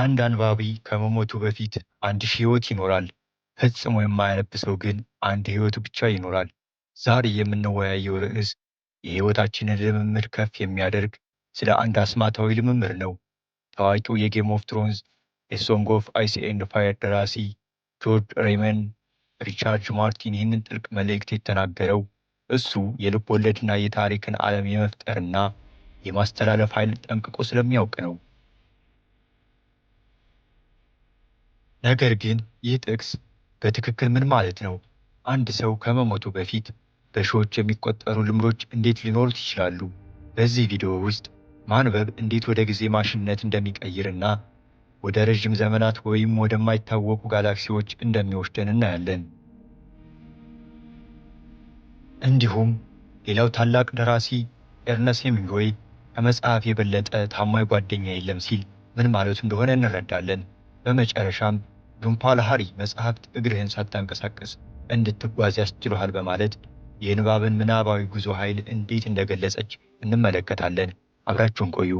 አንድ አንባቢ ከመሞቱ በፊት አንድ ሺህ ሕይወት ይኖራል። ፈጽሞ የማያነብ ሰው ግን አንድ ሕይወቱ ብቻ ይኖራል። ዛሬ የምንወያየው ርዕስ የሕይወታችንን ልምምድ ከፍ የሚያደርግ ስለ አንድ አስማታዊ ልምምድ ነው። ታዋቂው የጌም ኦፍ ትሮንስ የሶንግ ኦፍ አይስ ኤንድ ፋየር ደራሲ ጆርጅ ሬመን ሪቻርድ ማርቲን ይህንን ጥልቅ መልእክት የተናገረው እሱ የልብ ወለድና የታሪክን ዓለም የመፍጠርና የማስተላለፍ ኃይል ጠንቅቆ ስለሚያውቅ ነው። ነገር ግን ይህ ጥቅስ በትክክል ምን ማለት ነው? አንድ ሰው ከመሞቱ በፊት በሺዎች የሚቆጠሩ ልምዶች እንዴት ሊኖሩት ይችላሉ? በዚህ ቪዲዮ ውስጥ ማንበብ እንዴት ወደ ጊዜ ማሽንነት እንደሚቀይርና ወደ ረዥም ዘመናት ወይም ወደማይታወቁ ጋላክሲዎች እንደሚወስደን እናያለን። እንዲሁም ሌላው ታላቅ ደራሲ ኤርነስት ሄሚንግዌይ ከመጽሐፍ የበለጠ ታማኝ ጓደኛ የለም ሲል ምን ማለቱ እንደሆነ እንረዳለን። በመጨረሻም ሀሪ መጽሐፍት እግርህን ሳታንቀሳቀስ እንድትጓዝ ያስችሉሃል በማለት የንባብን ምናባዊ ጉዞ ኃይል እንዴት እንደገለጸች እንመለከታለን። አብራችሁን ቆዩ።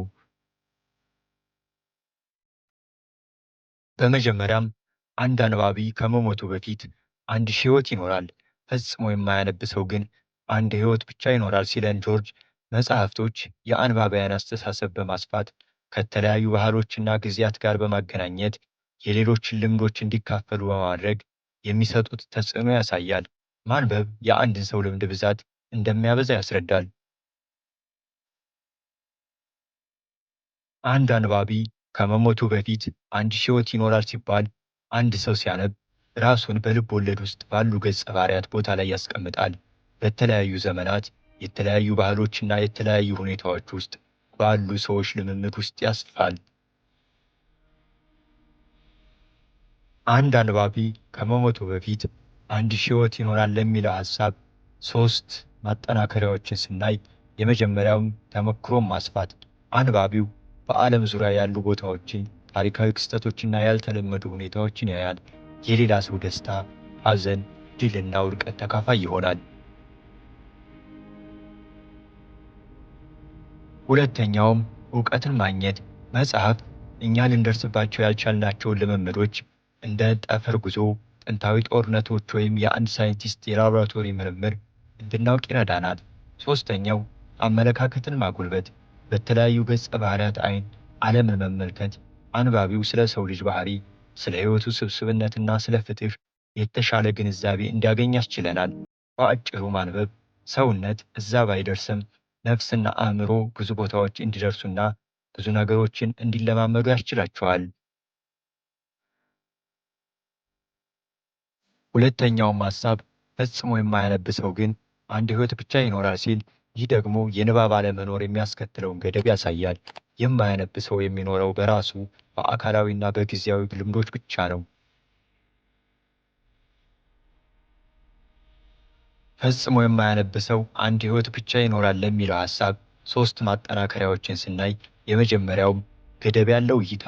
በመጀመሪያም አንድ አንባቢ ከመሞቱ በፊት አንድ ሺህ ሕይወት ይኖራል፣ ፈጽሞ የማያነብ ሰው ግን አንድ ሕይወት ብቻ ይኖራል ሲለን ጆርጅ መጽሐፍቶች የአንባቢያን አስተሳሰብ በማስፋት ከተለያዩ ባህሎችና ጊዜያት ጋር በማገናኘት የሌሎችን ልምዶች እንዲካፈሉ በማድረግ የሚሰጡት ተጽዕኖ ያሳያል። ማንበብ የአንድን ሰው ልምድ ብዛት እንደሚያበዛ ያስረዳል። አንድ አንባቢ ከመሞቱ በፊት አንድ ሕይወት ይኖራል ሲባል አንድ ሰው ሲያነብ ራሱን በልብ ወለድ ውስጥ ባሉ ገጸ ባህሪያት ቦታ ላይ ያስቀምጣል። በተለያዩ ዘመናት የተለያዩ ባህሎችና የተለያዩ ሁኔታዎች ውስጥ ባሉ ሰዎች ልምምድ ውስጥ ያስፋል። አንድ አንባቢ ከመሞቱ በፊት አንድ ሺህ ይኖራል ለሚለው ሀሳብ ሶስት ማጠናከሪያዎችን ስናይ፣ የመጀመሪያውም ተመክሮም ማስፋት፣ አንባቢው በዓለም ዙሪያ ያሉ ቦታዎችን፣ ታሪካዊ ክስተቶችና ያልተለመዱ ሁኔታዎችን ያያል። የሌላ ሰው ደስታ፣ ሐዘን፣ ድልና ውድቀት ተካፋይ ይሆናል። ሁለተኛውም እውቀትን ማግኘት፣ መጽሐፍ እኛ ልንደርስባቸው ያልቻልናቸውን ልምምዶች እንደ ጠፈር ጉዞ፣ ጥንታዊ ጦርነቶች ወይም የአንድ ሳይንቲስት የላቦራቶሪ ምርምር እንድናውቅ ይረዳናል። ሶስተኛው አመለካከትን ማጎልበት፣ በተለያዩ ገጸ ባህሪያት አይን ዓለምን መመልከት አንባቢው ስለ ሰው ልጅ ባህሪ፣ ስለ ሕይወቱ ውስብስብነትና ስለ ፍትህ የተሻለ ግንዛቤ እንዲያገኝ ያስችለናል። በአጭሩ ማንበብ ሰውነት እዛ ባይደርስም ነፍስና አእምሮ ብዙ ቦታዎች እንዲደርሱና ብዙ ነገሮችን እንዲለማመዱ ያስችላቸዋል። ሁለተኛውም ሐሳብ ፈጽሞ የማያነብሰው ግን አንድ ህይወት ብቻ ይኖራል ሲል፣ ይህ ደግሞ የንባብ አለመኖር የሚያስከትለውን ገደብ ያሳያል። የማያነብሰው የሚኖረው በራሱ በአካላዊና በጊዜያዊ ልምዶች ብቻ ነው። ፈጽሞ የማያነብሰው አንድ ህይወት ብቻ ይኖራል ለሚለው ሐሳብ ሶስት ማጠናከሪያዎችን ስናይ የመጀመሪያውም ገደብ ያለው እይታ፣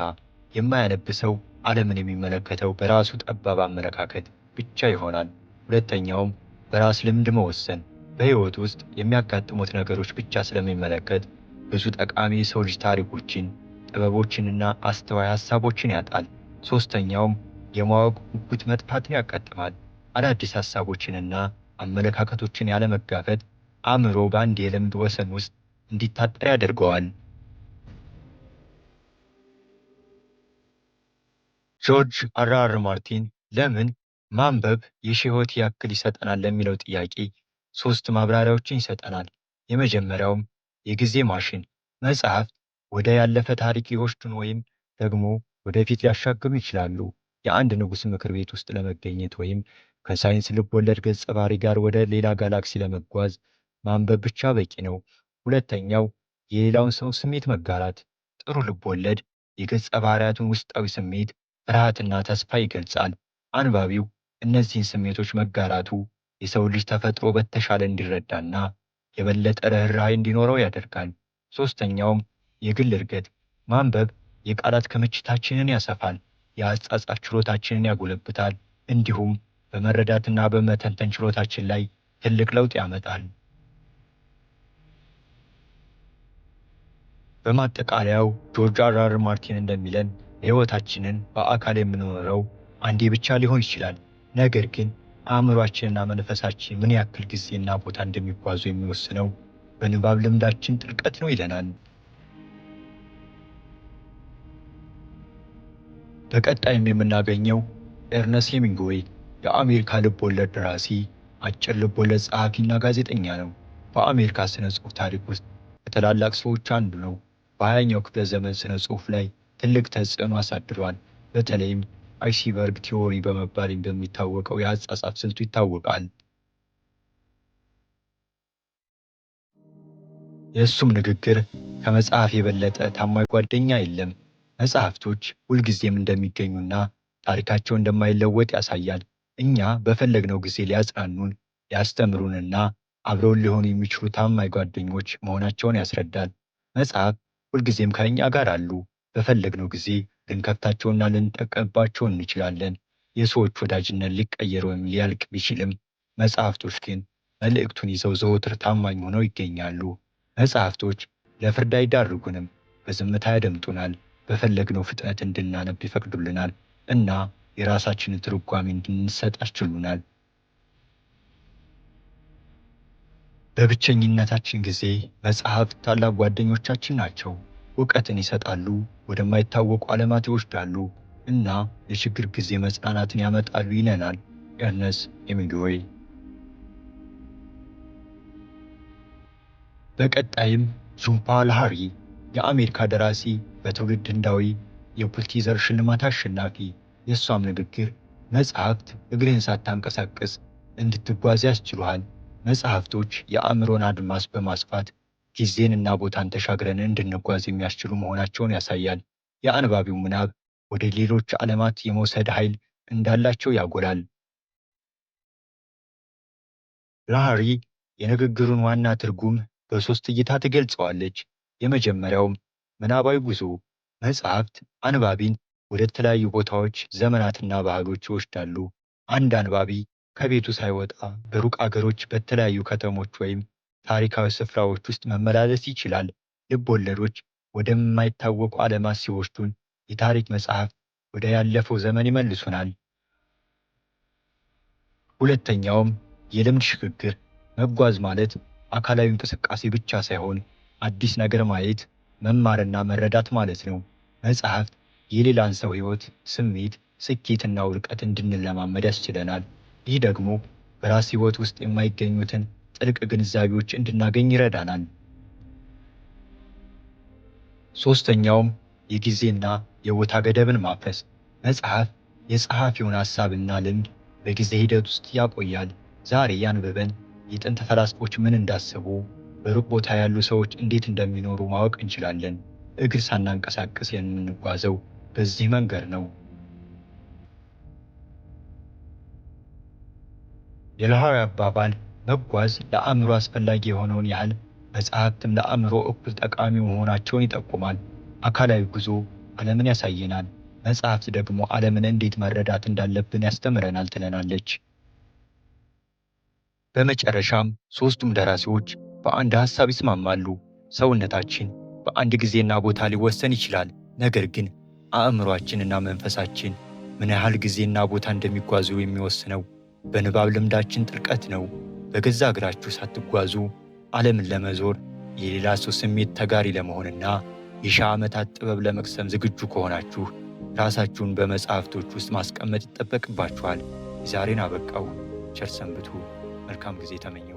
የማያነብሰው አለምን ዓለምን የሚመለከተው በራሱ ጠባብ አመለካከት ብቻ ይሆናል። ሁለተኛውም በራስ ልምድ መወሰን በሕይወት ውስጥ የሚያጋጥሙት ነገሮች ብቻ ስለሚመለከት ብዙ ጠቃሚ የሰው ልጅ ታሪኮችን ጥበቦችንና አስተዋይ ሀሳቦችን ያጣል። ሶስተኛውም የማወቅ ጉጉት መጥፋትን ያጋጥማል። አዳዲስ ሀሳቦችንና አመለካከቶችን ያለመጋፈጥ አእምሮ በአንድ የልምድ ወሰን ውስጥ እንዲታጠር ያደርገዋል። ጆርጅ አራር ማርቲን ለምን ማንበብ የሺህ ያክል ይሰጠናል ለሚለው ጥያቄ ሦስት ማብራሪያዎችን ይሰጠናል። የመጀመሪያውም የጊዜ ማሽን መጽሐፍት ወደ ያለፈ ታሪክ ይወስዱን ወይም ደግሞ ወደፊት ሊያሻግሩ ይችላሉ። የአንድ ንጉሥ ምክር ቤት ውስጥ ለመገኘት ወይም ከሳይንስ ልብወለድ ገጸ ባህሪ ጋር ወደ ሌላ ጋላክሲ ለመጓዝ ማንበብ ብቻ በቂ ነው። ሁለተኛው የሌላውን ሰው ስሜት መጋራት ጥሩ ልብወለድ የገጸ ባህሪያቱን ውስጣዊ ስሜት፣ ፍርሃትና ተስፋ ይገልጻል። አንባቢው እነዚህን ስሜቶች መጋራቱ የሰው ልጅ ተፈጥሮ በተሻለ እንዲረዳና የበለጠ ርኅራኄ እንዲኖረው ያደርጋል። ሦስተኛውም የግል እድገት ማንበብ የቃላት ክምችታችንን ያሰፋል፣ የአጻጻፍ ችሎታችንን ያጎለብታል፣ እንዲሁም በመረዳትና በመተንተን ችሎታችን ላይ ትልቅ ለውጥ ያመጣል። በማጠቃለያው ጆርጅ አር አር ማርቲን እንደሚለን ሕይወታችንን በአካል የምንኖረው አንዴ ብቻ ሊሆን ይችላል ነገር ግን አእምሯችንና መንፈሳችን ምን ያክል ጊዜና ቦታ እንደሚጓዙ የሚወስነው በንባብ ልምዳችን ጥልቀት ነው ይለናል። በቀጣይም የምናገኘው ኤርነስ ሄሚንግዌይ የአሜሪካ ልቦለድ ደራሲ፣ አጭር ልቦለድ ጸሐፊና ጋዜጠኛ ነው። በአሜሪካ ስነ ጽሑፍ ታሪክ ውስጥ ከትላላቅ ሰዎች አንዱ ነው። በሀያኛው ክፍለ ዘመን ስነ ጽሑፍ ላይ ትልቅ ተጽዕኖ አሳድሯል። በተለይም አይሲበርግ ቲዎሪ በመባል እንደሚታወቀው የአጻጻፍ ስልቱ ይታወቃል። የእሱም ንግግር ከመጽሐፍ የበለጠ ታማኝ ጓደኛ የለም፣ መጽሐፍቶች ሁልጊዜም እንደሚገኙና ታሪካቸው እንደማይለወጥ ያሳያል። እኛ በፈለግነው ጊዜ ሊያጽናኑን፣ ሊያስተምሩንና አብረውን ሊሆኑ የሚችሉ ታማኝ ጓደኞች መሆናቸውን ያስረዳል። መጽሐፍ ሁልጊዜም ከእኛ ጋር አሉ፣ በፈለግነው ጊዜ ልንከታቸውና ልንጠቀምባቸው እንችላለን። የሰዎች ወዳጅነት ሊቀየር ወይም ሊያልቅ ቢችልም መጽሐፍቶች ግን መልእክቱን ይዘው ዘወትር ታማኝ ሆነው ይገኛሉ። መጽሐፍቶች ለፍርድ አይዳርጉንም፣ በዝምታ ያደምጡናል፣ በፈለግነው ፍጥነት እንድናነብ ይፈቅዱልናል እና የራሳችንን ትርጓሜ እንድንሰጥ አስችሉናል። በብቸኝነታችን ጊዜ መጽሐፍት ታላቅ ጓደኞቻችን ናቸው። እውቀትን ይሰጣሉ፣ ወደማይታወቁ ዓለማት ይወስዳሉ እና የችግር ጊዜ መጽናናትን ያመጣሉ ይለናል ኤርነስ ሄሚንግዌይ። በቀጣይም ዙምፓ ላሂሪ የአሜሪካ ደራሲ፣ በትውልድ ህንዳዊ የፑልቲዘር ሽልማት አሸናፊ፣ የእሷም ንግግር መጽሐፍት እግርህን ሳታንቀሳቅስ እንድትጓዝ ያስችሏል። መጽሐፍቶች የአእምሮን አድማስ በማስፋት ጊዜን እና ቦታን ተሻግረን እንድንጓዝ የሚያስችሉ መሆናቸውን ያሳያል። የአንባቢው ምናብ ወደ ሌሎች ዓለማት የመውሰድ ኃይል እንዳላቸው ያጎላል። ላህሪ የንግግሩን ዋና ትርጉም በሦስት እይታ ትገልጸዋለች። የመጀመሪያው ምናባዊ ጉዞ፣ መጽሐፍት አንባቢን ወደ ተለያዩ ቦታዎች፣ ዘመናትና ባህሎች ይወስዳሉ። አንድ አንባቢ ከቤቱ ሳይወጣ በሩቅ አገሮች፣ በተለያዩ ከተሞች ወይም ታሪካዊ ስፍራዎች ውስጥ መመላለስ ይችላል። ልብ ወለዶች ወደማይታወቁ ዓለማት ሲወስዱን፣ የታሪክ መጽሐፍት ወደ ያለፈው ዘመን ይመልሱናል። ሁለተኛውም የልምድ ሽግግር። መጓዝ ማለት አካላዊ እንቅስቃሴ ብቻ ሳይሆን አዲስ ነገር ማየት፣ መማርና መረዳት ማለት ነው። መጽሐፍት የሌላን ሰው ሕይወት፣ ስሜት፣ ስኬትና ውድቀት እንድንለማመድ ያስችለናል። ይህ ደግሞ በራስ ሕይወት ውስጥ የማይገኙትን ጥልቅ ግንዛቤዎች እንድናገኝ ይረዳናል። ሶስተኛውም የጊዜና የቦታ ገደብን ማፍረስ። መጽሐፍ የጸሐፊውን ሐሳብና ልምድ በጊዜ ሂደት ውስጥ ያቆያል። ዛሬ ያንብበን የጥንት ፈላስፎች ምን እንዳሰቡ፣ በሩቅ ቦታ ያሉ ሰዎች እንዴት እንደሚኖሩ ማወቅ እንችላለን። እግር ሳናንቀሳቀስ የምንጓዘው በዚህ መንገድ ነው። የለሐዊ አባባል መጓዝ ለአእምሮ አስፈላጊ የሆነውን ያህል መጽሐፍትም ለአእምሮ እኩል ጠቃሚ መሆናቸውን ይጠቁማል። አካላዊ ጉዞ ዓለምን ያሳየናል፣ መጽሐፍት ደግሞ ዓለምን እንዴት መረዳት እንዳለብን ያስተምረናል ትለናለች። በመጨረሻም ሦስቱም ደራሲዎች በአንድ ሐሳብ ይስማማሉ። ሰውነታችን በአንድ ጊዜና ቦታ ሊወሰን ይችላል፣ ነገር ግን አእምሯችንና መንፈሳችን ምን ያህል ጊዜና ቦታ እንደሚጓዙ የሚወስነው በንባብ ልምዳችን ጥልቀት ነው። በገዛ እግራችሁ ሳትጓዙ ዓለምን ለመዞር የሌላ ሰው ስሜት ተጋሪ ለመሆንና የሺህ ዓመታት ጥበብ ለመቅሰም ዝግጁ ከሆናችሁ ራሳችሁን በመጽሐፍቶች ውስጥ ማስቀመጥ ይጠበቅባችኋል። የዛሬን አበቃው። ቸር ሰንብቱ። መልካም ጊዜ ተመኘው።